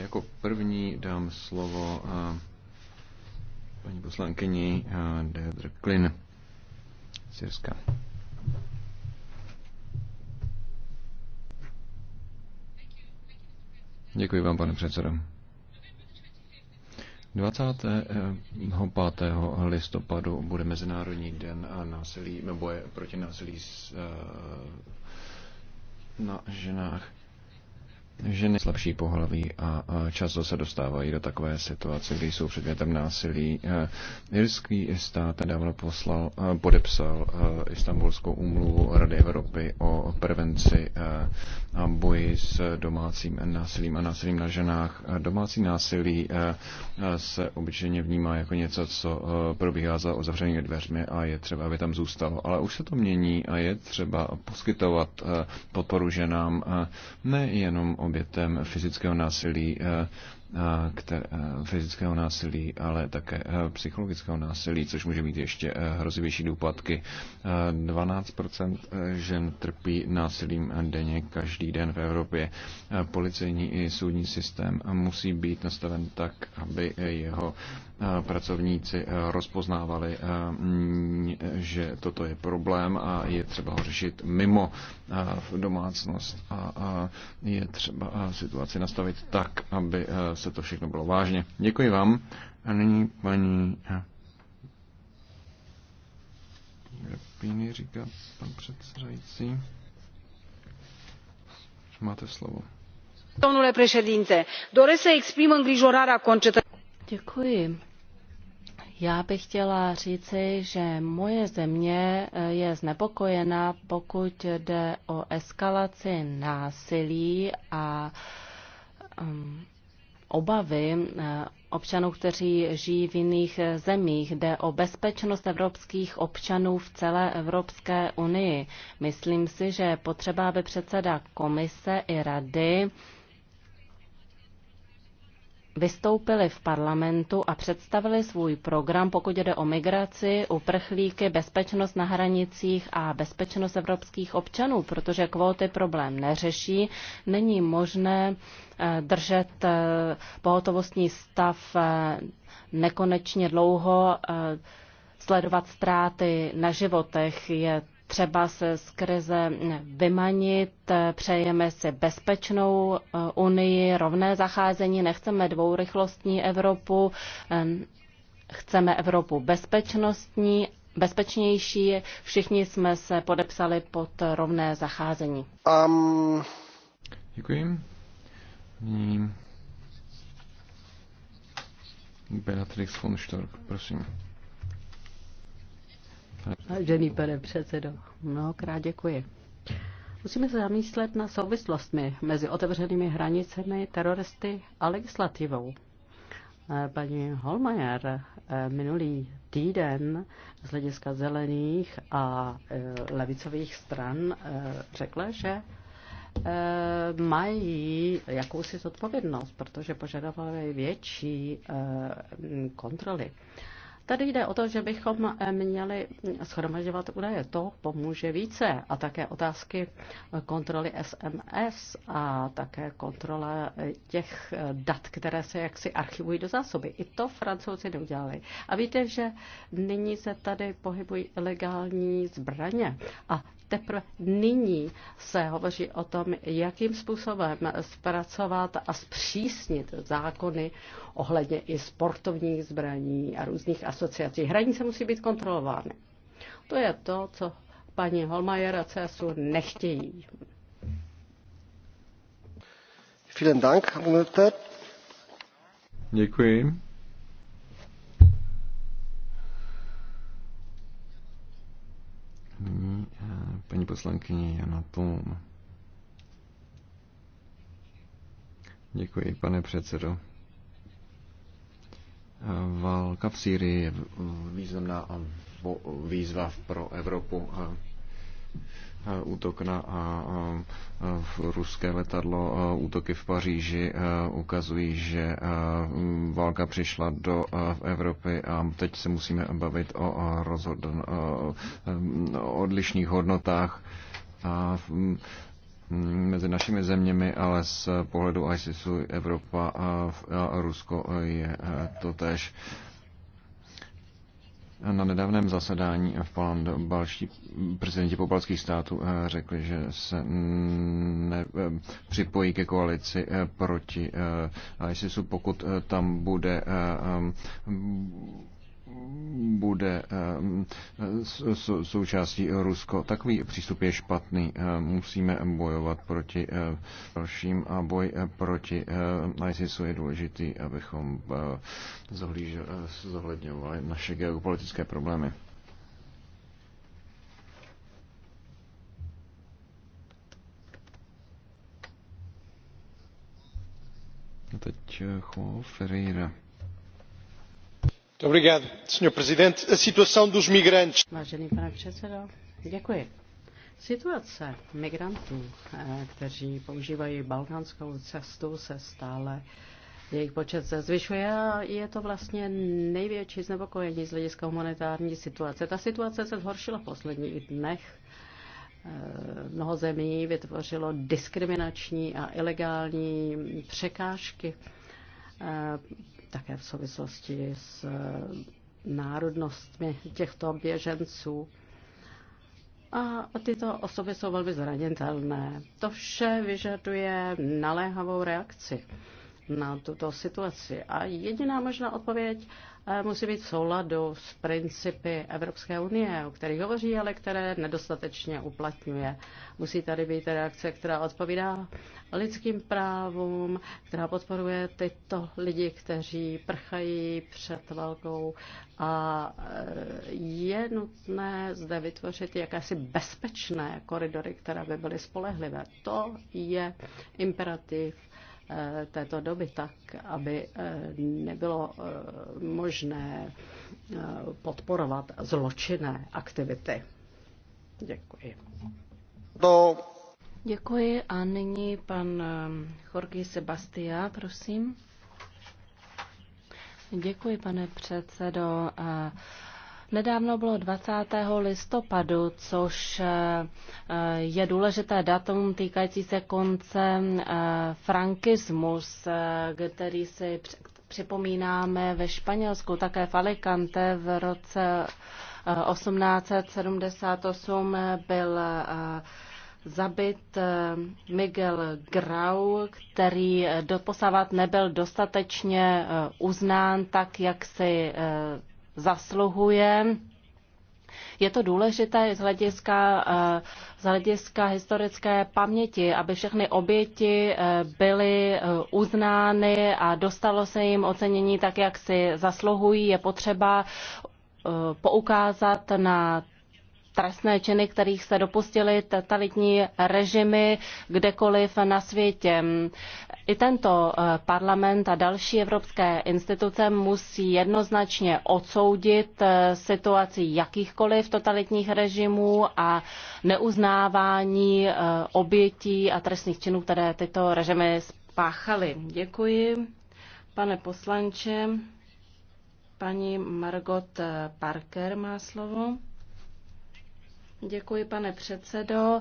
Jako první dám slovo eh, paní poslankyni eh, Deirdre Klin z Děkuji vám, pane předsedo. 25. Eh, listopadu bude Mezinárodní den násilí, boje proti násilí s, na ženách ženy slabší pohlaví a, často se dostávají do takové situace, kdy jsou předmětem násilí. Eh, irský stát nedávno poslal, eh, podepsal eh, Istanbulskou úmluvu Rady Evropy o prevenci a boji s domácím násilím a násilím na ženách. Domácí násilí se obyčejně vnímá jako něco, co probíhá za uzavřenými dveřmi a je třeba, aby tam zůstalo. Ale už se to mění a je třeba poskytovat podporu ženám nejenom obětem fyzického násilí, eh, eh, které, eh, fyzického násilí, ale také psychologického násilí, což může mít ještě hrozivější důpadky. 12% žen trpí násilím denně každý den v Evropě. Policejní i soudní systém musí být nastaven tak, aby jeho Eh, pracovníci eh, rozpoznávali, eh, mm, že toto je problém a je třeba ho řešit mimo domácnost a je třeba situaci nastavit tak, aby se to všechno bylo vážně. Děkuji vám. A nyní paní Grapíny, říká pan předsedající. Máte slovo. Domnule președinte, doresc să exprim îngrijorarea concetățenilor. Děkuji, já bych chtěla říci, že moje země eh, je znepokojena, pokud jde o eskalaci násilí a ehm, obavy eh, občanů, kteří žijí v jiných eh, zemích. Jde o bezpečnost evropských občanů v celé Evropské unii. Myslím si, že je potřeba, aby předseda komise i rady vystoupili v parlamentu a představili svůj program, pokud jde o migraci, uprchlíky, bezpečnost na hranicích a bezpečnost evropských občanů, protože kvóty problém neřeší. Není možné eh, držet eh, pohotovostní stav eh, nekonečně dlouho, sledovat ztráty na životech. Je třeba se z krize vymanit, přejeme si bezpečnou eh, unii, rovné zacházení, nechceme dvourychlostní Evropu, chceme Evropu bezpečnostní, bezpečnější, všichni jsme se podepsali pod rovné zacházení. Um... Děkuji. Nyní Beatrix von Stork, prosím. Vážený pane předsedo, mnohokrát děkuji. Musíme se zamýšlet na souvislostmi mezi otevřenými hranicemi, teroristy a legislativou. Paní Holmajer eh, minulý týden z hlediska zelených a eh, levicových stran eh, řekla, že mají jakousi zodpovědnost, protože požadovali větší kontroly. Tady jde o to, že bychom eh, měli schromažďovat údaje. To pomůže více. A také otázky eh, kontroly SMS a také kontrola eh, těch dat, které se jaksi archivují do zásoby. I to francouzi neudělali. A víte, že nyní se tady pohybují ilegální zbraně. A Teprve nyní se hovoří o tom, jakým způsobem zpracovat a zpřísnit zákony ohledně i sportovních zbraní a různých asociací. Hranice musí být kontrolovány. To je to, co paní Holmajer a CSU nechtějí. Vielen Dank, Děkuji. poslankyně Jana Tom. Děkuji, pane předsedo. Válka v Sýrii je významná výzva pro Evropu. Eh, útok na a eh, eh, v ruské letadlo, útoky v Paříži ukazují, že válka přišla do Evropy a teď se musíme bavit o, rozhodn- odlišných hodnotách. A mm, mezi našimi zeměmi, ale z pohledu ISISu Evropa a Rusko je to tež. Na nedávném zasedání v Polandu, balští prezidenti pobalských států eh, řekli, že se ne, eh, připojí ke koalici eh, proti ISISu, pokud tam bude bude eh, součástí Rusko. Takový přístup je špatný. Eh, musíme bojovat proti eh, dalším a boj proti ISISu je důležitý, abychom zohledňovali naše geopolitické problémy. A teď Juan Ferreira pane předsedající Situace migrantů, eh, kteří používají balkánskou cestu, se stále jejich počet se zvyšuje a je to vlastně největší znepokojení z hlediska humanitární situace. Ta situace se zhoršila v posledních dnech. Eh, mnoho zemí vytvořilo diskriminační a ilegální překážky eh, také v souvislosti s eh, národnostmi těchto běženců. A tyto osoby jsou velmi zranitelné. To vše vyžaduje naléhavou reakci na tuto situaci. A jediná možná odpověď musí být v souladu s principy Evropské unie, o kterých hovoří, ale které nedostatečně uplatňuje. Musí tady být reakce, která odpovídá lidským právům, která podporuje tyto lidi, kteří prchají před válkou a eh, je nutné zde vytvořit jakési bezpečné koridory, které by byly spolehlivé. To je imperativ Eh, této doby tak, aby eh, nebylo eh, možné podporovat zločinné aktivity. Děkuji. No. Děkuji a nyní pan Jorge Sebastia, prosím. Děkuji, pane předsedo. Nedávno bylo 20. listopadu, což eh, je důležité datum týkající se konce eh, frankismus, eh, který si připomínáme ve Španělsku, také v Alicante v roce 1878 byl zabit Miguel Grau, který doposavat nebyl dostatečně uznán tak, jak si zasluhuje. Je to důležité z hlediska, eh, z hlediska historické paměti, aby všechny oběti eh, byly eh, uznány a dostalo se jim ocenění tak, jak si zasluhují. Je potřeba poukázat na trestné činy, kterých se dopustili totalitní režimy kdekoliv na světě. I tento eh, parlament a další evropské instituce musí jednoznačně odsoudit eh, situaci jakýchkoliv totalitních režimů a neuznávání eh, obětí a trestných činů, které tyto režimy spáchaly. Děkuji, pane poslanče. Paní Margot Parker má slovo. Děkuji, pane předsedo.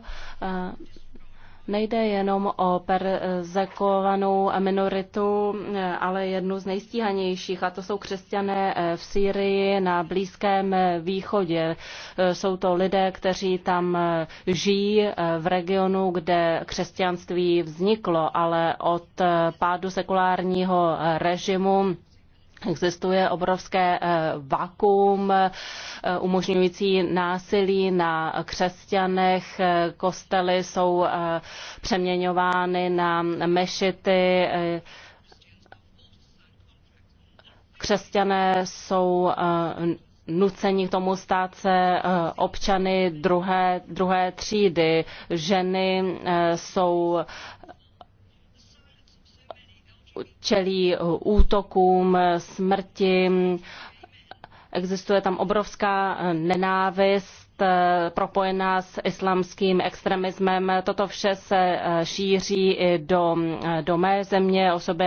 Nejde jenom o perzekovanou minoritu, ale jednu z nejstíhanějších, a to jsou křesťané eh, v Sýrii na Blízkém eh, východě. Eh, jsou to lidé, kteří tam žijí v regionu, kde křesťanství vzniklo, ale od pádu sekulárního režimu Existuje obrovské eh, vakuum eh, umožňující násilí na křesťanech, eh, kostely jsou přeměňovány na mešity, křesťané jsou nuceni k tomu stát se občany druhé, druhé třídy. Ženy jsou čelí eh, útokům, smrti, existuje tam obrovská eh, nenávist eh, propojená s islámským extremismem. Toto vše se šíří i do, do mé země. Osoby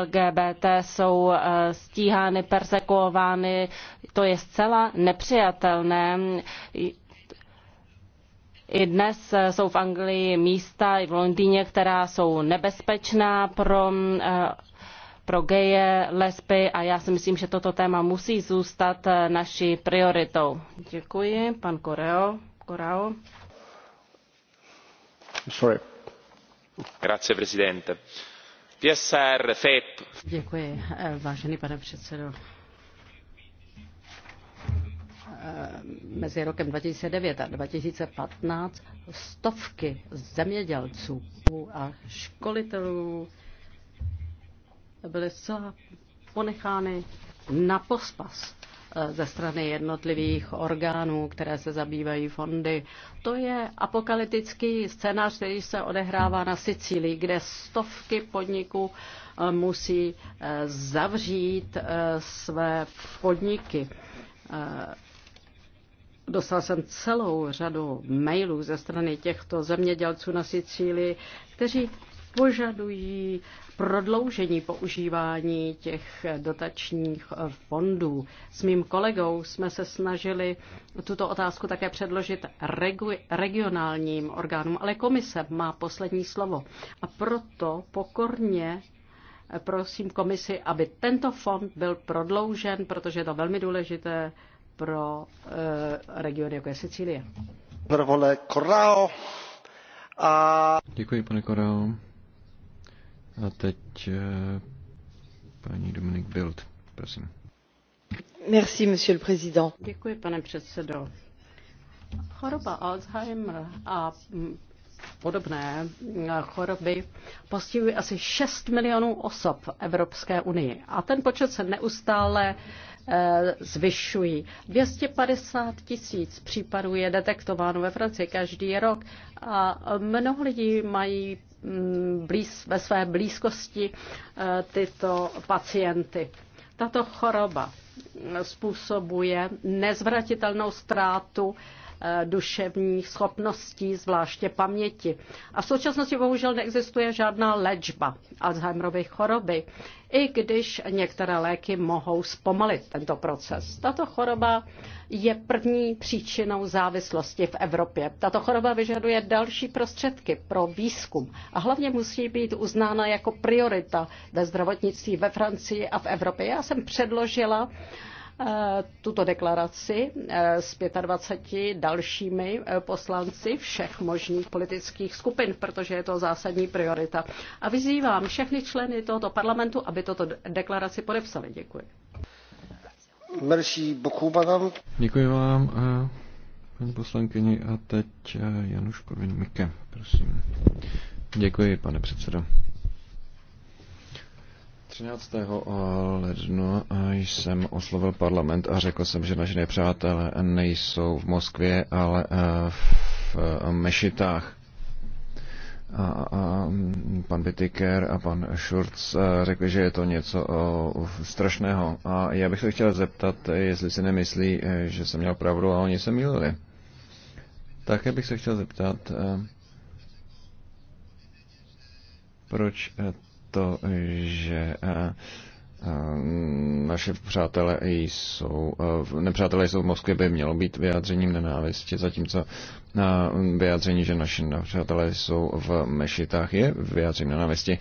LGBT jsou stíhány, persekuovány. To je zcela nepřijatelné. I dnes eh, jsou v Anglii místa i v Londýně, která jsou nebezpečná pro eh, pro geje, lesby a já si myslím, že toto téma musí zůstat eh, naší prioritou. Děkuji, pan Koreo. Korao. Sorry. Grazie, presidente. PSR, FEP. Děkuji, vážený pane předsedo. Eh, mezi rokem 2009 a 2015 stovky zemědělců a školitelů byly zcela ponechány na pospas eh, ze strany jednotlivých orgánů, které se zabývají fondy. To je apokalyptický scénář, který se odehrává na Sicílii, kde stovky podniků eh, musí zavřít své podniky. Dostal jsem celou řadu mailů ze strany těchto zemědělců na Sicílii, kteří požadují prodloužení používání těch dotačních eh, fondů. S mým kolegou jsme se snažili tuto otázku také předložit regu- regionálním orgánům, ale komise má poslední slovo. A proto pokorně eh, prosím komisi, aby tento fond byl prodloužen, protože je to velmi důležité pro eh, regiony, jako je Sicílie. Děkuji, pane Korao. A teď eh, paní Dominik Bild, prosím. Merci, monsieur le président. Děkuji, pane předsedo. Choroba Alzheimer a mm, podobné mm, choroby postihují asi 6 milionů osob v Evropské unii a ten počet se neustále uh, Eh, zvyšují. 250 tisíc případů je detektováno ve Francii každý rok a mnoho lidí mají mm, blíz, ve své blízkosti eh, tyto pacienty. Tato choroba způsobuje nezvratitelnou ztrátu Eh, duševních schopností, zvláště paměti. A v současnosti bohužel neexistuje žádná léčba Alzheimerovy choroby, i když některé léky mohou zpomalit tento proces. Tato choroba je první příčinou závislosti v Evropě. Tato choroba vyžaduje další prostředky pro výzkum a hlavně musí být uznána jako priorita ve zdravotnictví ve Francii a v Evropě. Já jsem předložila uh, Eh, tuto deklaraci eh, s 25 dalšími eh, poslanci všech možných politických skupin, protože je to zásadní priorita. A vyzývám všechny členy tohoto parlamentu, aby toto deklaraci podepsali. Děkuji. Merci beaucoup, madame. Děkuji vám, paní poslankyni. A teď Januš Korvin-Mikke, prosím. Děkuji, pane předsedo. 13. Eh, ledna eh, jsem oslovil parlament a řekl jsem, že naši nepřátelé nejsou v Moskvě, ale eh, v Mešitách. A, a mm, pan Bittiker a pan Schurz řekli, že je to něco strašného. A já bych se chtěl zeptat, jestli si nemyslí, že jsem měl pravdu a oni se mýlili. Také bych se chtěl zeptat, proč to, že eh, eh, naše přátelé jsou, eh, nepřátelé jsou v Moskvě by mělo být vyjádřením nenávisti, zatímco vyjádření, že naši přátelé jsou v mešitách, je vyjádřením nenávisti.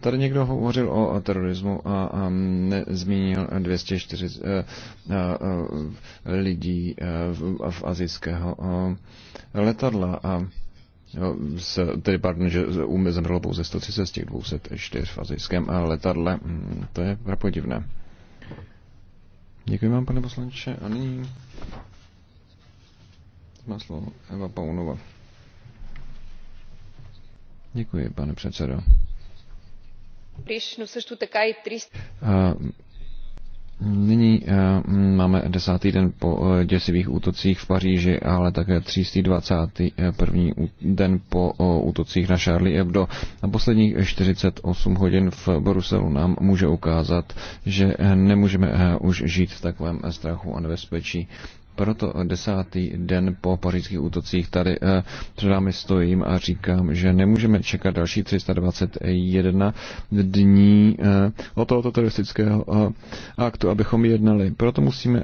Tady někdo hovořil o terorismu a zmínil 240 lidí v azijského letadla. A No, se, tedy pardon, že um- zemřelo pouze 130 z těch 204 v azijském eh, letadle. Hmm, to je prapodivné. Děkuji vám, pane poslanče. A nyní má slovo Eva Paunova. Děkuji, pane předsedo. Prišnu sešto takaj 300... Nyní uh, máme desátý den po uh, děsivých útocích v Paříži, ale také 321. Eh, den po uh, útocích na Charlie Hebdo. A posledních 48 hodin v Bruselu nám může ukázat, že nemůžeme uh, už žít v takovém strachu a nebezpečí. Proto desátý den po pařížských útocích tady eh, před námi stojím a říkám, že nemůžeme čekat další 321 dní eh, o tohoto teroristického eh, aktu, abychom jednali. Proto musíme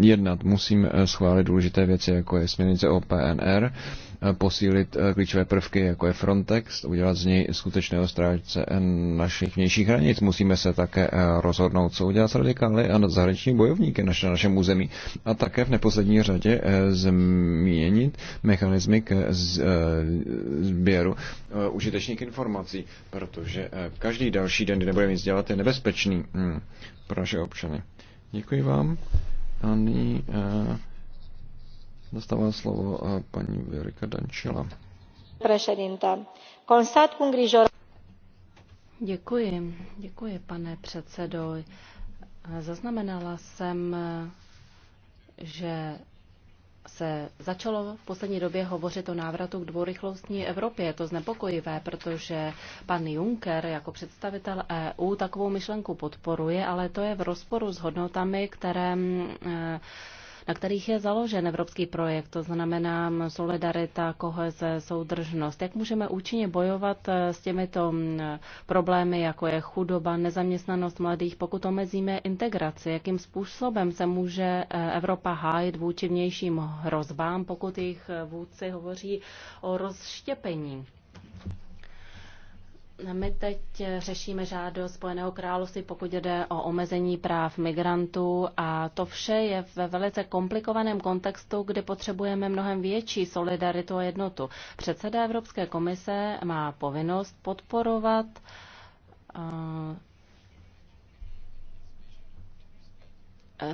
jednat, musíme schválit důležité věci, jako je směrnice o PNR, posílit eh, klíčové prvky, jako je Frontex, udělat z něj skutečného strážce eh, našich vnějších hranic. Musíme se také eh, rozhodnout, co udělat s radikály a zahraniční bojovníky na našem území. A také v neposlední řadě změnit mechanizmy k sběru užitečných informací, protože každý další den, kdy nebudeme nic dělat, je nebezpečný hm, pro naše občany. Děkuji vám. A nyní, uh... Dostává slovo a paní Věrika Dančila. Constat cu îngrijorare. Děkuji, děkuji, pane předsedo. Zaznamenala jsem, že se začalo v poslední době hovořit o návratu k dvorychlostní Evropě. Je to znepokojivé, protože pan Juncker jako představitel EU takovou myšlenku podporuje, ale to je v rozporu s hodnotami, které eh, na kterých je založen evropský projekt, to znamená solidarita, koheze, soudržnost. Jak můžeme účinně bojovat e, s těmito problémy, jako je chudoba, nezaměstnanost mladých, pokud omezíme integraci? Jakým způsobem se může e, Evropa hájit vůči vnějším hrozbám, pokud jejich e, vůdci hovoří o rozštěpení? My teď řešíme žádost Spojeného království, pokud jde o omezení práv migrantů a to vše je ve velice komplikovaném kontextu, kdy potřebujeme mnohem větší solidaritu a jednotu. Předseda Evropské komise má povinnost podporovat eh,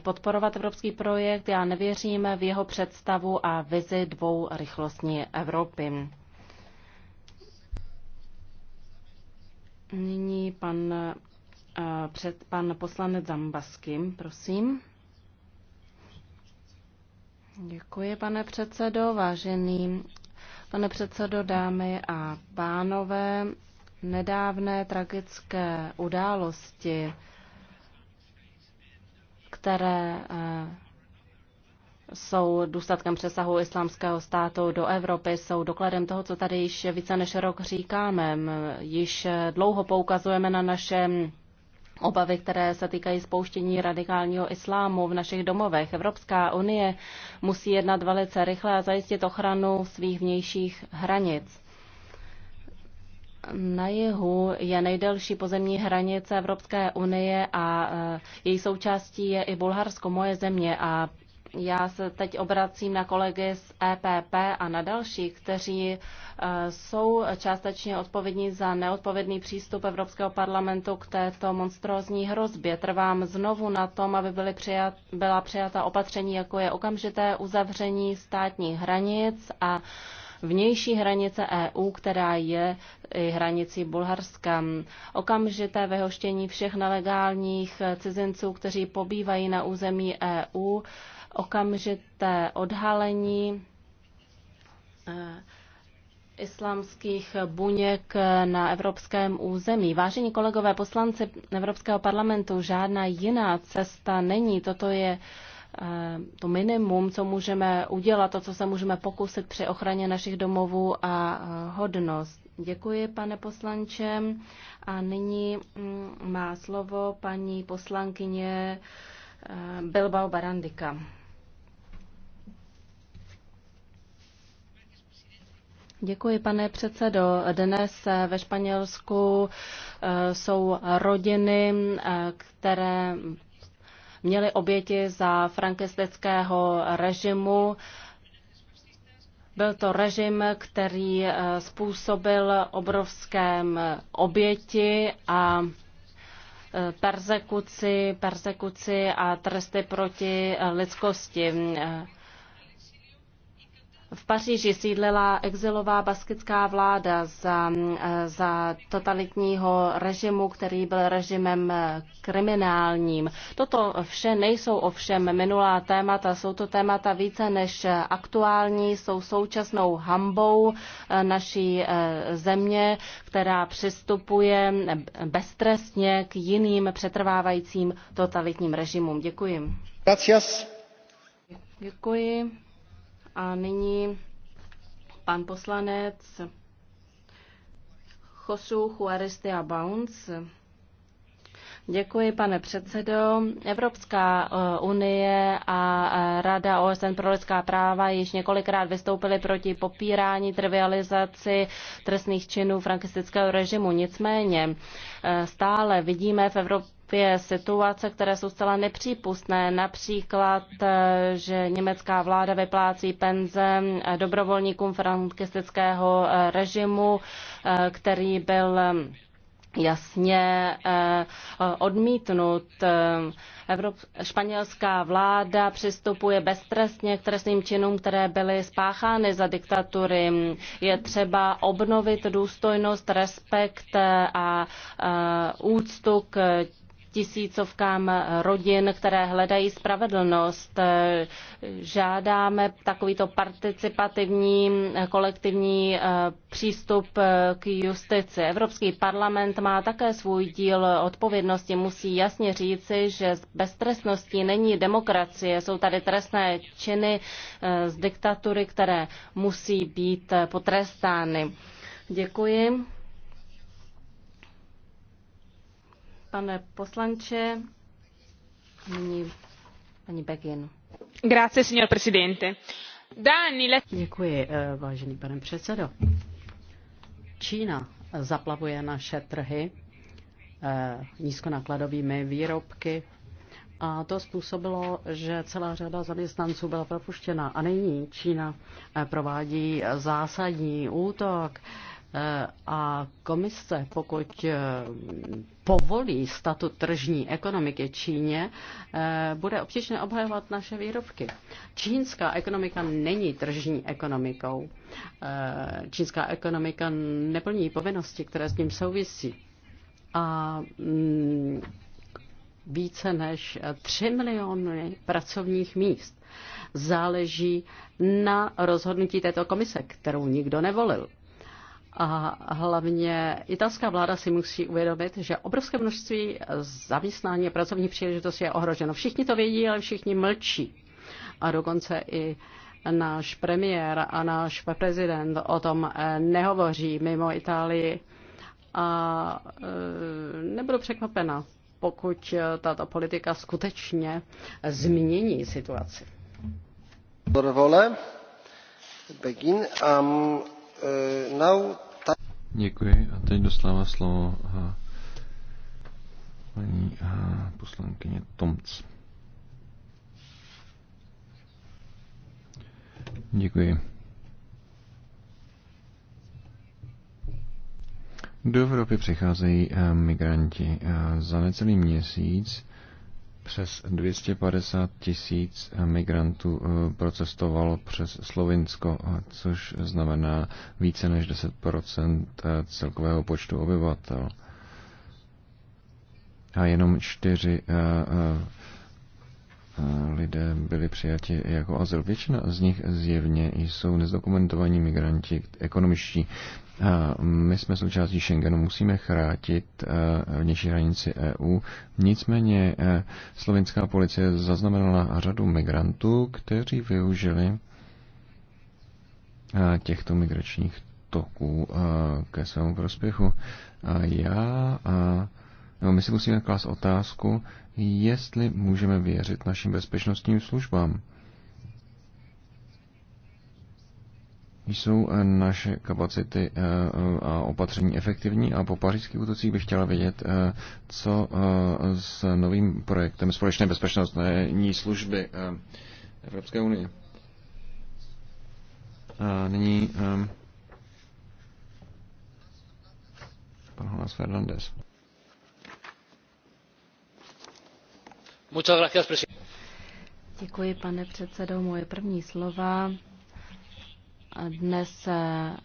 podporovat evropský projekt. Já nevěřím v jeho představu a vizi dvou rychlostní Evropy. Nyní pan, eh, před, pan poslanec Zambasky, prosím. Děkuji, pane předsedo, vážený pane předsedo, dámy a pánové. Nedávné tragické události, které eh, jsou důsledkem přesahu islámského státu do Evropy, jsou dokladem toho, co tady již více než rok říkáme. Již dlouho poukazujeme na naše obavy, které se týkají spouštění radikálního islámu v našich domovech. Evropská unie musí jednat velice rychle a zajistit ochranu svých vnějších hranic. Na jihu je nejdelší pozemní hranice Evropské unie a e, její součástí je i Bulharsko, moje země. A já se teď obracím na kolegy z EPP a na další, kteří e, jsou částečně odpovědní za neodpovědný přístup Evropského parlamentu k této monstrózní hrozbě. Trvám znovu na tom, aby byly přijat, byla přijata opatření, jako je okamžité uzavření státních hranic a vnější hranice EU, která je i hranicí Bulharska. Okamžité vyhoštění všech nelegálních cizinců, kteří pobývají na území EU, okamžité odhalení eh, islámských buněk na evropském území. Vážení kolegové poslanci Evropského parlamentu, žádná jiná cesta není. Toto je eh, to minimum, co můžeme udělat, to, co se můžeme pokusit při ochraně našich domovů a eh, hodnost. Děkuji, pane poslanče. A nyní mm, má slovo paní poslankyně Bilbao Barandika. Děkuji, pane předsedo. Dnes eh, ve Španělsku eh, jsou rodiny, eh, které měly oběti za frankistického režimu. Byl to režim, který způsobil obrovské mm, oběti a persekuci, persekuci a tresty proti lidskosti. V Paříži sídlila exilová baskická vláda za, za totalitního režimu, který byl režimem kriminálním. Toto vše nejsou ovšem minulá témata, jsou to témata více než aktuální, jsou současnou hambou eh, naší eh, země, která přistupuje beztrestně k jiným přetrvávajícím totalitním režimům. Děkuji. Gracias. Děkuji. A nyní pan poslanec Josu a Bounce. Děkuji, pane předsedo. Evropská eh, unie a eh, Rada OSN pro lidská práva již několikrát vystoupily proti popírání trivializaci trestných činů frankistického režimu. Nicméně eh, stále vidíme v Evropě je situace, které jsou zcela nepřípustné, například, eh, že německá vláda vyplácí penze eh, dobrovolníkům frankistického eh, režimu, který byl jasně odmítnut. Evrop, španělská vláda přistupuje beztrestně k trestným činům, které byly spáchány za diktatury. Je třeba obnovit důstojnost, respekt a úctu k tisícovkám rodin, které hledají spravedlnost. Žádáme takovýto participativní kolektivní eh, přístup eh, k justici. Evropský parlament má také svůj díl odpovědnosti. Musí jasně říci, že bez trestnosti není demokracie. Jsou tady trestné činy eh, z diktatury, které musí být potrestány. Děkuji. pane poslanče. Nyní paní Begin. Grazie, signor presidente. Děkuji, eh, vážený pane předsedo. Čína zaplavuje naše trhy eh, nízkonákladovými výrobky a to způsobilo, že celá řada zaměstnanců byla propuštěna. A nyní Čína eh, provádí zásadní útok Eh, a komise, pokud eh, povolí statut tržní ekonomiky Číně, eh, bude obtížně obhajovat naše výrobky. Čínská ekonomika není tržní ekonomikou. Čínská ekonomika neplní povinnosti, které s ním souvisí. A mm, více než 3 miliony pracovních míst záleží na rozhodnutí této komise, kterou nikdo nevolil. A hlavně italská vláda si musí uvědomit, že obrovské množství zaměstnání a pracovní příležitosti je ohroženo. Všichni to vědí, ale všichni mlčí. A dokonce i náš premiér a náš prezident o tom eh, nehovoří mimo Itálii. A eh, nebudu překvapena, pokud eh, tato politika skutečně změní situaci. Dobrovole, Begin, um, uh, now Děkuji a teď dostává slovo a eh, paní a eh, poslankyně Tomc. Děkuji. Do Evropy přicházejí eh, migranti za necelý měsíc přes 250 tisíc migrantů eh, procestovalo přes Slovinsko, což znamená více než 10 eh, celkového počtu obyvatel. A jenom čtyři eh, lidé byli přijati jako azyl. Většina z nich zjevně jsou nezdokumentovaní migranti, ekonomičtí. My jsme součástí Schengenu, musíme chrátit eh, vnější hranici EU. Nicméně eh, slovinská policie zaznamenala řadu migrantů, kteří využili eh, těchto migračních toků ke svému prospěchu. Já a No, my si musíme klást otázku, jestli můžeme věřit našim bezpečnostním službám. Jsou eh, naše kapacity eh, a opatření efektivní a po pařížských útocích bych chtěla vědět, eh, co s novým projektem společné bezpečnostní služby Evropské unie. A nyní pan Hlas Fernandez. Děkuji, pane předsedo. Moje první slova dnes eh,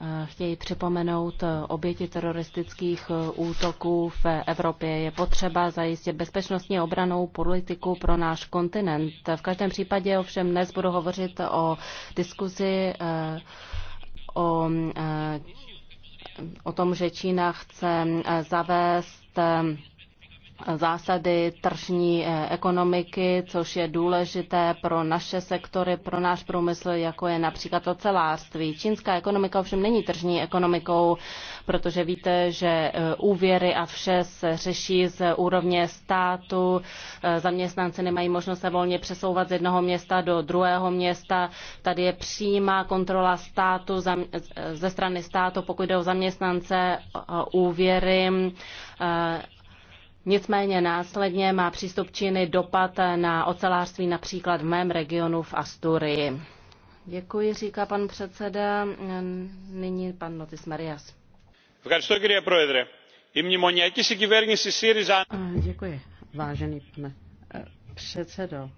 eh, chtějí připomenout eh, oběti teroristických útoků v Evropě. Je potřeba zajistit bezpečnostní obranou politiku pro náš kontinent. V každém případě ovšem dnes budu hovořit o diskuzi o, o tom, že Čína chce zavést zásady tržní eh, ekonomiky, což je důležité pro naše sektory, pro náš průmysl, jako je například ocelářství. Čínská ekonomika ovšem není tržní ekonomikou, protože víte, že eh, úvěry a vše se řeší z úrovně státu, eh, zaměstnanci nemají možnost se volně přesouvat z jednoho města do druhého města, tady je přímá kontrola státu ze strany státu, pokud jde o zaměstnance, úvěry, Nicméně následně má přístup Číny dopad na ocelářství například v mém regionu v Asturii. Děkuji, říká pan předseda. Nyní pan Notis Marias. Děkuji, vážený pane předsedo.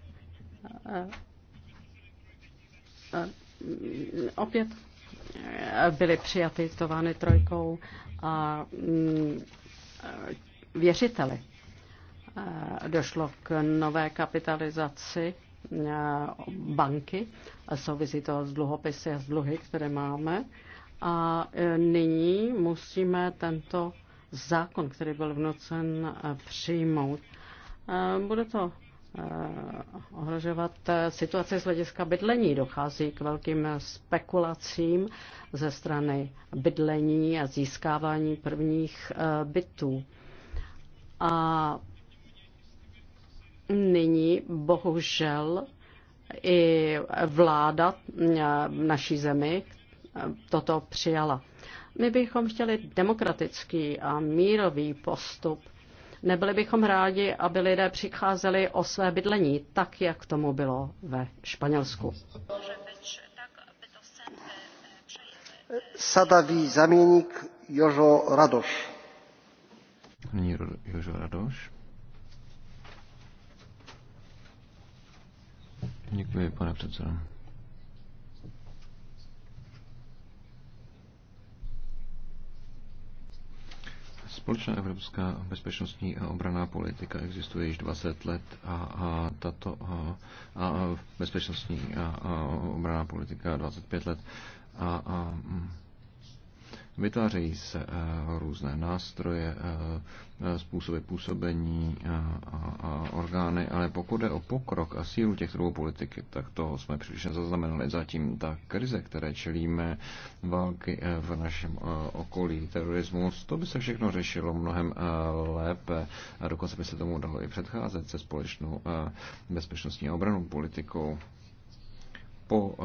Opět e, byly továny trojkou a mm, e, věřiteli. Eh, došlo k nové kapitalizaci eh, banky, souvisí to s dluhopisy a s dluhy, které máme. A eh, nyní musíme tento zákon, který byl vnucen, přijmout. Bude to ohrožovat situaci z hlediska bydlení. Dochází k velkým spekulacím ze strany bydlení a získávání prvních bytů. A nyní bohužel i vláda eh, naší zemi toto přijala. My bychom chtěli demokratický a mírový postup. Nebyli bychom rádi, aby lidé přicházeli o své bydlení, tak jak tomu bylo ve Španělsku. Sadaví zaměník Jožo Radoš. Nyní Jožo Radoš. Děkuji, pane předsedo. Společná evropská bezpečnostní a obraná politika existuje již 20 let a, a tato a, a bezpečnostní a, a obraná politika 25 let a, a mm. Vytvářejí se eh, různé nástroje, eh, eh, způsoby působení a orgány, ale pokud je o pokrok a sílu těch dvou politiky, tak to jsme příliš nezaznamenali. Zatím ta krize, které čelíme, války v našem okolí, terorismus, to by se všechno řešilo mnohem lépe a dokonce by se tomu dalo i předcházet se společnou bezpečnostní a obranou politikou. Po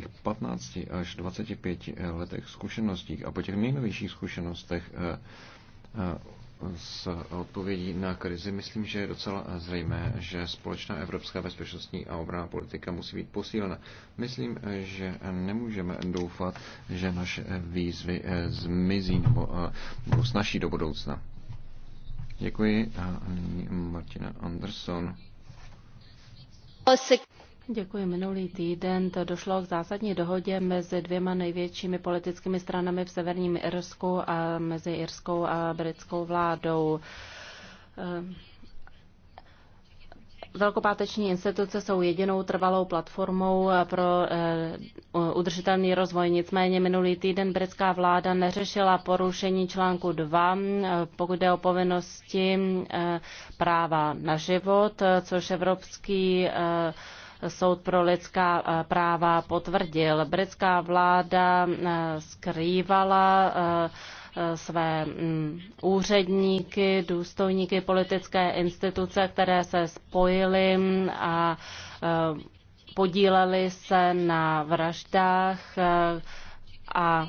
těch 15 až 25 eh, letech zkušeností a po těch nejnovějších zkušenostech eh, eh, s odpovědí na krizi, myslím, že je docela zřejmé, že společná evropská bezpečnostní a obranná politika musí být posílena. Myslím, že nemůžeme doufat, že naše výzvy zmizí nebo budou snažší do budoucna. Děkuji a nyní Martina Anderson. Děkuji. Minulý týden to došlo k zásadní dohodě mezi dvěma největšími politickými stranami v severním Irsku a mezi irskou a britskou vládou. Eh, velkopáteční instituce jsou jedinou trvalou platformou pro eh, udržitelný rozvoj. Nicméně minulý týden britská vláda neřešila porušení článku 2, eh, pokud jde o povinnosti práva na život, což Evropský soud pro lidská eh, práva potvrdil. Britská vláda eh, skrývala eh, své mm, úředníky, důstojníky politické instituce, které se spojily mm, a podíleli se na vraždách a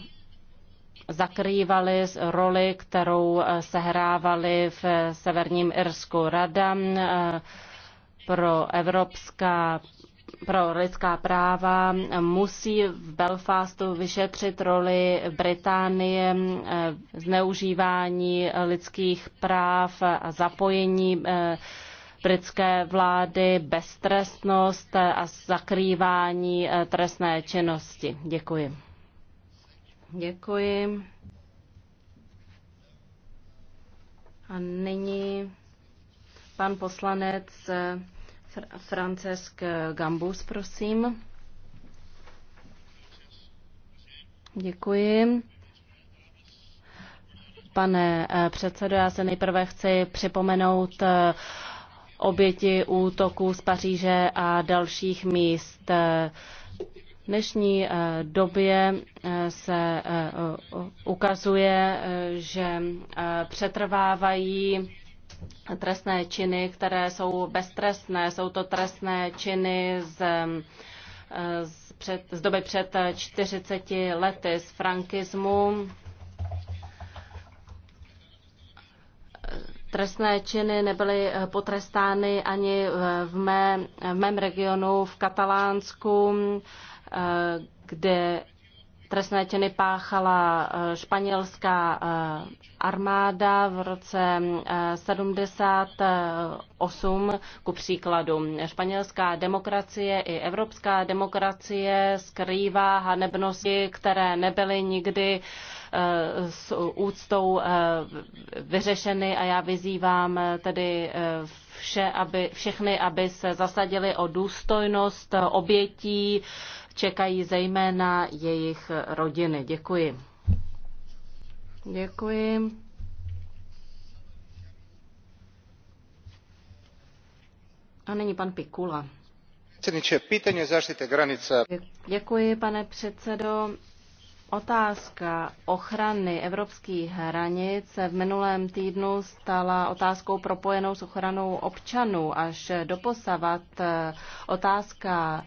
zakrývali roli, kterou sehrávali v Severním Irsku. Rada pro evropská pro lidská práva musí v Belfastu vyšetřit roli Británie, eh, zneužívání lidských práv a zapojení eh, britské vlády, beztrestnost a zakrývání eh, trestné činnosti. Děkuji. Děkuji. A nyní pan poslanec Francesc Gambus, prosím. Děkuji. Pane eh, předsedo, já se nejprve chci připomenout eh, oběti útoků z Paříže a dalších míst. Eh, v dnešní době se ukazuje, že přetrvávají trestné činy, které jsou beztrestné. Jsou to trestné činy z, z, před, z doby před 40 lety, z frankismu. Trestné činy nebyly potrestány ani v, mé, v mém regionu v Katalánsku, kde trestné činy páchala eh, španělská eh, armáda v roce 78. Eh, ku příkladu, španělská demokracie i evropská demokracie skrývá hanebnosti, které nebyly nikdy s úctou vyřešeny a já vyzývám tedy vše, aby, všechny, aby se zasadili o důstojnost obětí čekají zejména jejich rodiny. Děkuji. Děkuji. A nyní pan Pikula. Pitanje zaštite granice. Děkuji, pane předsedo. Otázka ochrany evropských hranic se v minulém týdnu stala otázkou propojenou s ochranou občanů. Až doposavat eh, otázka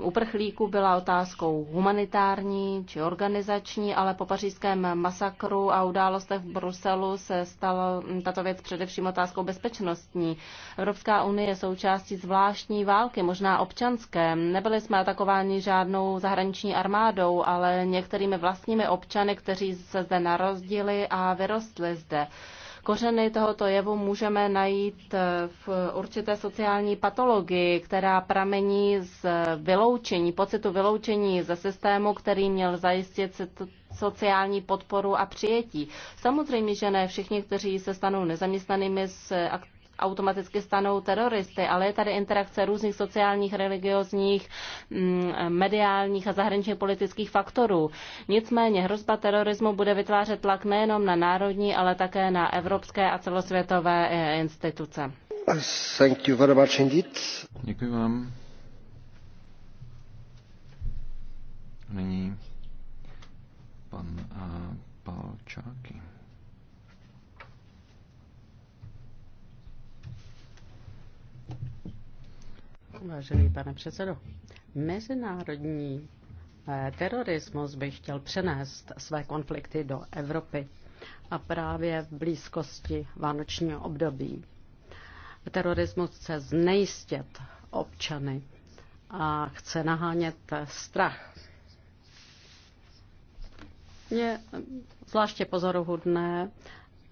uprchlíků byla otázkou humanitární či organizační, ale po pařížském masakru a událostech v Bruselu se stala tato věc především otázkou bezpečnostní. Evropská unie je součástí zvláštní války, možná občanské. Nebyli jsme atakováni žádnou zahraniční armádou, ale některými vlastními občany, kteří se zde narodili a vyrostli zde. Kořeny tohoto jevu můžeme najít eh, v určité sociální patologii, která pramení z vyloučení, pocitu vyloučení ze systému, který měl zajistit sociální podporu a přijetí. Samozřejmě, že ne všichni, kteří se stanou nezaměstnanými, se automaticky stanou teroristy, ale je tady interakce různých sociálních, religiozních, mm, mediálních a zahraničně politických faktorů. Nicméně hrozba terorismu bude vytvářet tlak nejenom na národní, ale také na evropské a celosvětové eh, instituce. Thank you very much indeed. Děkuji vám. Nyní pan uh, eh, Palčáky. Vážený pane předsedo, mezinárodní eh, terorismus by chtěl přenést své konflikty do Evropy a právě v blízkosti vánočního období. Terorismus chce znejistit občany a chce nahánět strach. Je zvláště pozoruhodné,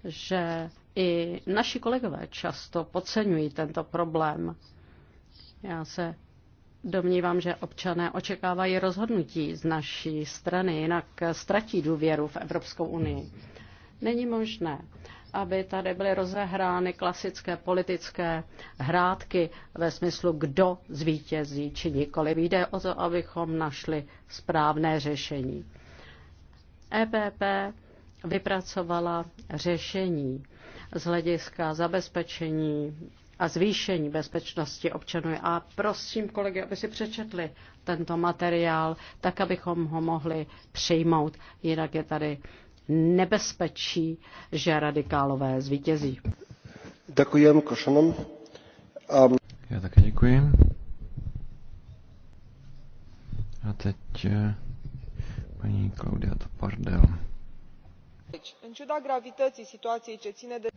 že i naši kolegové často podceňují tento problém já se domnívám, že občané očekávají rozhodnutí z naší strany, jinak ztratí důvěru v Evropskou unii. Není možné, aby tady byly rozehrány klasické politické hrátky ve smyslu, kdo zvítězí či nikoli. Jde o to, abychom našli správné řešení. EPP vypracovala řešení z hlediska zabezpečení a zvýšení bezpečnosti občanů. A prosím kolegy, aby si přečetli tento materiál, tak abychom ho mohli přijmout. Jinak je tady nebezpečí, že radikálové zvítězí. Děkuji, Košanom. Um... Já také děkuji. A teď eh, paní Klaudia Topardel. În ciuda gravității situației ce ține de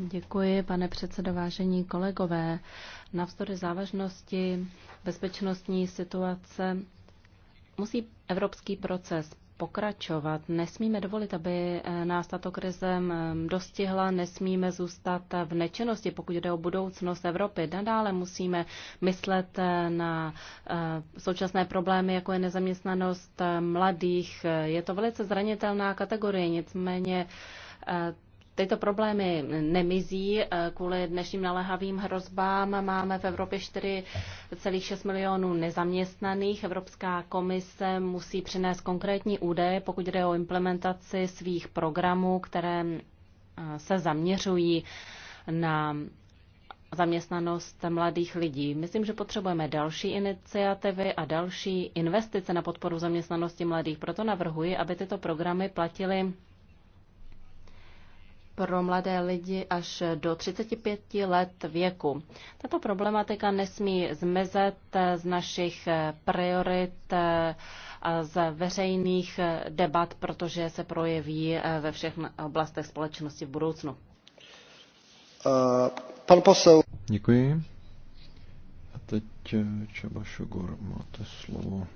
Děkuji, pane předsedo, vážení kolegové. Navzdory závažnosti bezpečnostní situace musí evropský proces pokračovat. Nesmíme dovolit, aby eh, nás tato krize mm, dostihla, nesmíme zůstat eh, v nečinnosti, pokud jde o budoucnost Evropy. Nadále musíme myslet eh, na současné problémy, jako je nezaměstnanost mladých. Je to velice zranitelná kategorie, nicméně Tyto problémy nemizí eh, kvůli dnešním naléhavým hrozbám. Máme v Evropě 4,6 milionů nezaměstnaných. Evropská komise musí přinést konkrétní údaje, pokud jde o implementaci svých programů, které eh, se zaměřují na zaměstnanost mladých lidí. Myslím, že potřebujeme další iniciativy a další investice na podporu zaměstnanosti mladých. Proto navrhuji, aby tyto programy platily pro mladé lidi až do 35 let věku. Tato problematika nesmí zmizet z našich priorit a z veřejných debat, protože se projeví ve všech oblastech společnosti v budoucnu. Uh, pan posel. Děkuji. A teď eh, Čaba Šugur, máte slovo.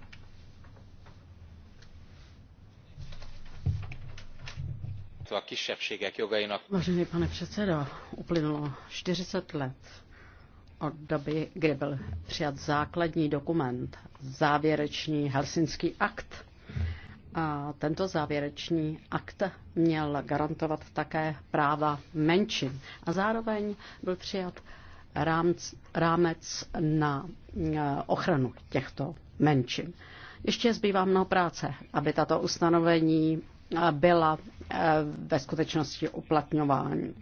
Vážený pane předsedo, uplynulo 40 let od doby, kdy byl přijat základní dokument, závěrečný Helsinský akt. A tento závěrečný akt měl garantovat také práva menšin. A zároveň byl přijat rámc, rámec na e, ochranu těchto menšin. Ještě zbývá mnoho práce, aby tato ustanovení e, byla Eh, ve skutečnosti uplatňování.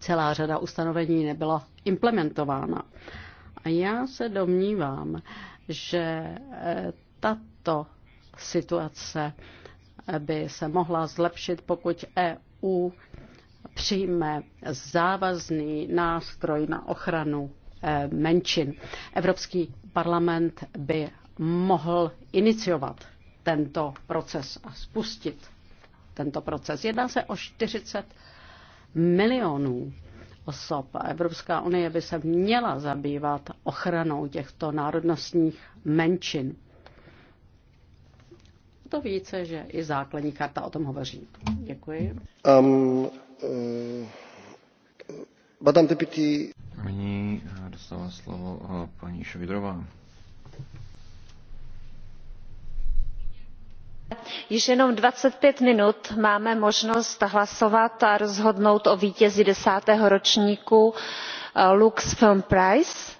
Celá řada ustanovení nebyla implementována. A já se domnívám, že eh, tato situace eh, by se mohla zlepšit, pokud EU přijme závazný nástroj na ochranu menšin. Evropský parlament by mohl iniciovat tento proces a spustit tento proces. Jedná se o 40 milionů osob a Evropská unie by se měla zabývat ochranou těchto národnostních menšin. To více, že i základní karta o tom hovoří. Děkuji. Um, uh, Madame Deputy. Nyní eh, dostává slovo eh, paní Švidrová. již jenom dvacet pět minut máme možnost hlasovat a rozhodnout o vítězi desátého ročníku eh, lux film prize.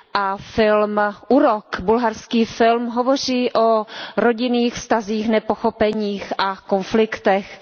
a film urok bulharský film hovoří o rodinných vztazích nepochopeních a konfliktech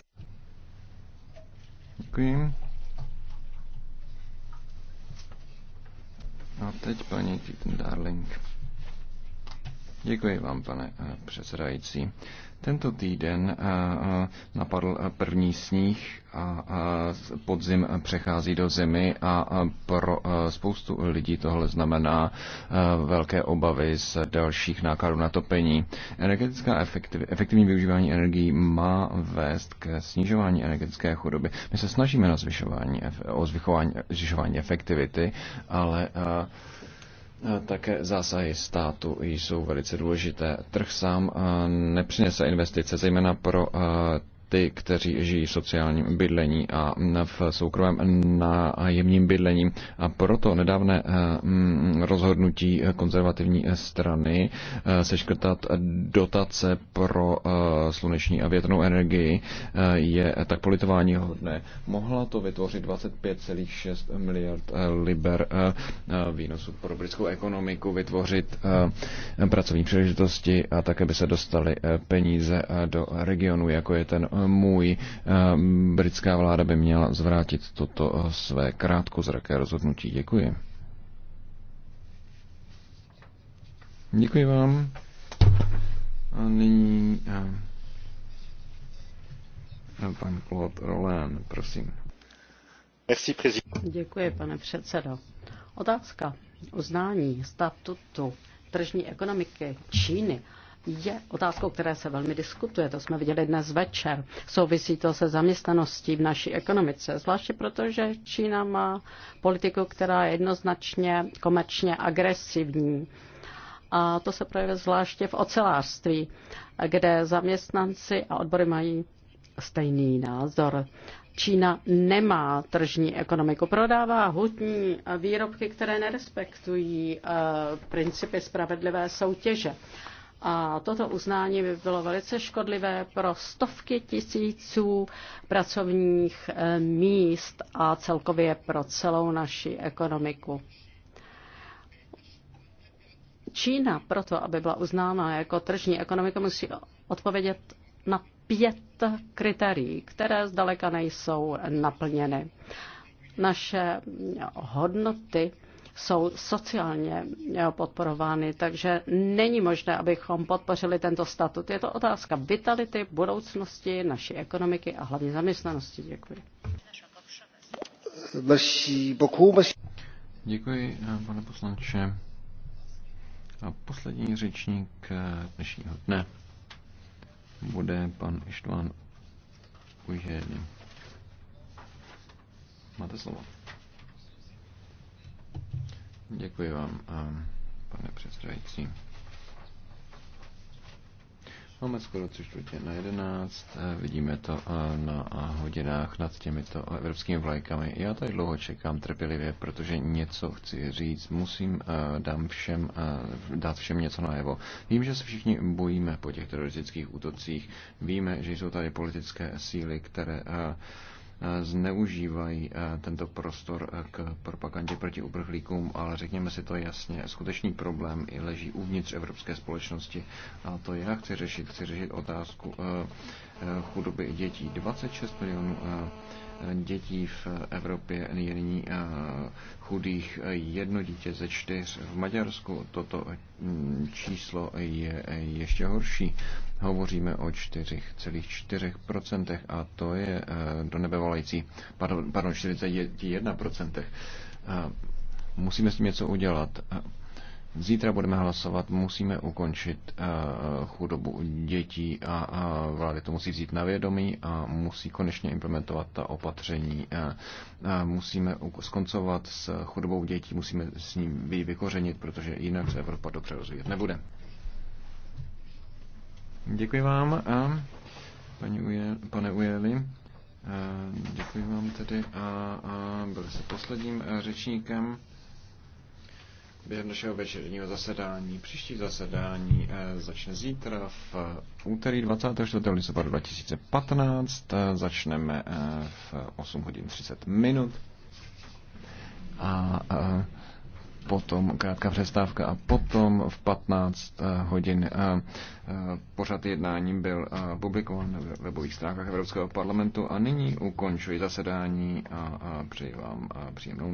Děkuji. A teď paní Titan Darling. Děkuji vám, pane eh, předsedající. Tento týden eh, eh, napadl eh, první sníh a podzim přechází do zimy a pro spoustu lidí tohle znamená velké obavy z dalších nákladů na topení. Energetická efektiv, efektivní využívání energií má vést k snižování energetické chudoby. My se snažíme na zvyšování, o zvyšování, zvyšování efektivity, ale uh, také zásahy státu jsou velice důležité. Trh sám nepřinese investice, zejména pro ty, kteří žijí v sociálním bydlení a v soukromém nájemním bydlení. A proto nedávné eh, mm, rozhodnutí konzervativní strany eh, seškrtat dotace pro eh, sluneční a větrnou energii je tak politování hodné. Mohla to vytvořit 25,6 miliard liber výnosu pro britskou ekonomiku, vytvořit pracovní příležitosti a také by se dostaly peníze do regionu, jako je ten můj. Eh, britská vláda by měla zvrátit toto eh, své krátkozraké rozhodnutí. Děkuji. Děkuji vám. A nyní a eh, pan Claude Roland, prosím. Děkuji, pane předsedo. Otázka uznání statutu tržní ekonomiky Číny je otázkou, které se velmi diskutuje. To jsme viděli dnes večer. Souvisí to se zaměstnaností v naší ekonomice, zvláště proto, že Čína má politiku, která je jednoznačně komerčně agresivní. A to se projevuje zvláště v ocelářství, kde zaměstnanci a odbory mají stejný názor. Čína nemá tržní ekonomiku. Prodává hutní výrobky, které nerespektují eh, principy spravedlivé soutěže. A toto uznání by bylo velice škodlivé pro stovky tisíců pracovních eh, míst a celkově pro celou naši ekonomiku. Čína proto, aby byla uznána jako tržní ekonomika, musí odpovědět na pět kritérií, které zdaleka nejsou naplněny. Naše hodnoty jsou sociálně eh, podporovány, takže není možné, abychom podpořili tento statut. Je to otázka vitality, budoucnosti naší ekonomiky a hlavně zaměstnanosti. Děkuji. Děkuji, eh, pane poslanče. A poslední řečník eh, dnešního dne bude pan Ištván Ujény. Máte slovo. Děkuji vám, pane předsedající. Máme skoro tři čtvrtě na jedenáct, vidíme to na hodinách nad těmito evropskými vlajkami. Já tady dlouho čekám trpělivě, protože něco chci říct, musím dám všem, dát všem něco najevo. Vím, že se všichni bojíme po těch teroristických útocích, víme, že jsou tady politické síly, které zneužívají eh, tento prostor eh, k propagandě proti uprchlíkům, ale řekněme si to jasně, skutečný problém i leží uvnitř evropské společnosti. A to já chci řešit, chci řešit otázku eh, chudoby dětí. 26 milionů dětí v Evropě je nyní chudých jedno dítě ze čtyř. V Maďarsku toto hm, číslo je ještě horší hovoříme o 4,4% a to je eh, do nebe volající, pardon, pardon 41%. Eh, musíme s tím něco udělat. Eh, zítra budeme hlasovat, musíme ukončit chudobu dětí a vlády to musí vzít na vědomí a musí konečně implementovat ta opatření. Musíme skoncovat s chudobou dětí, musíme s ním vykořenit, protože jinak se Evropa dobře rozvíjet nebude. Děkuji vám, a paní Uje, pane Ujeli. Děkuji vám tedy a, a byl se posledním eh, řečníkem během našeho večerního zasedání. Příští zasedání eh, začne zítra v eh, úterý 24. listopadu 2015. Začneme v 8 hodin 30 minut. A, a potom krátká přestávka a potom v 15 eh, hodin eh, eh, pořad jednáním byl publikován na webových stránkách Evropského parlamentu a nyní ukončuji zasedání a přeji vám příjemnou